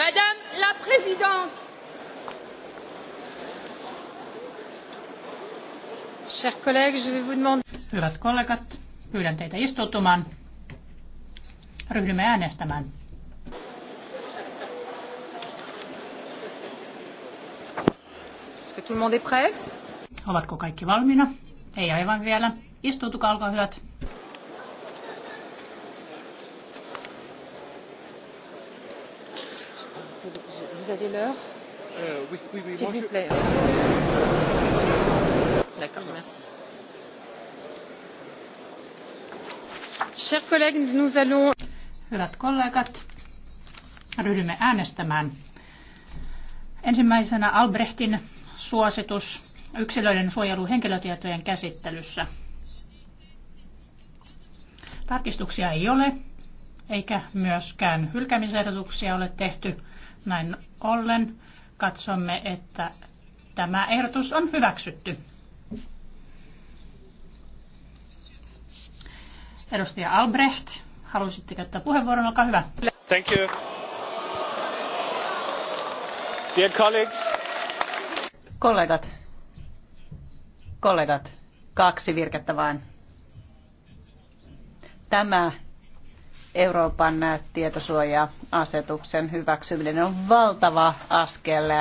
Madame la Présidente, chers collègues, je vais vous demander... Hyvät kollegat, pyydän teitä istutumaan. Ryhdymme äänestämään. Est-ce que tout le monde est prêt? Ovatko kaikki valmiina? Ei aivan vielä. Istuutukaa, olkaa hyvät. avez l'heure euh, s'il vous plaît. Chers collègues, nous allons... Hyvät kollegat, ryhdymme äänestämään. Ensimmäisenä Albrechtin suositus yksilöiden suojelu henkilötietojen käsittelyssä. Tarkistuksia ei ole eikä myöskään hylkäämisehdotuksia ole tehty. Näin ollen katsomme, että tämä ehdotus on hyväksytty. Edustaja Albrecht, halusitte käyttää puheenvuoron, olkaa hyvä. Thank you. Dear colleagues. Kollegat, kollegat, kaksi virkettä vain. Tämä Euroopan tietosuoja-asetuksen hyväksyminen on valtava askel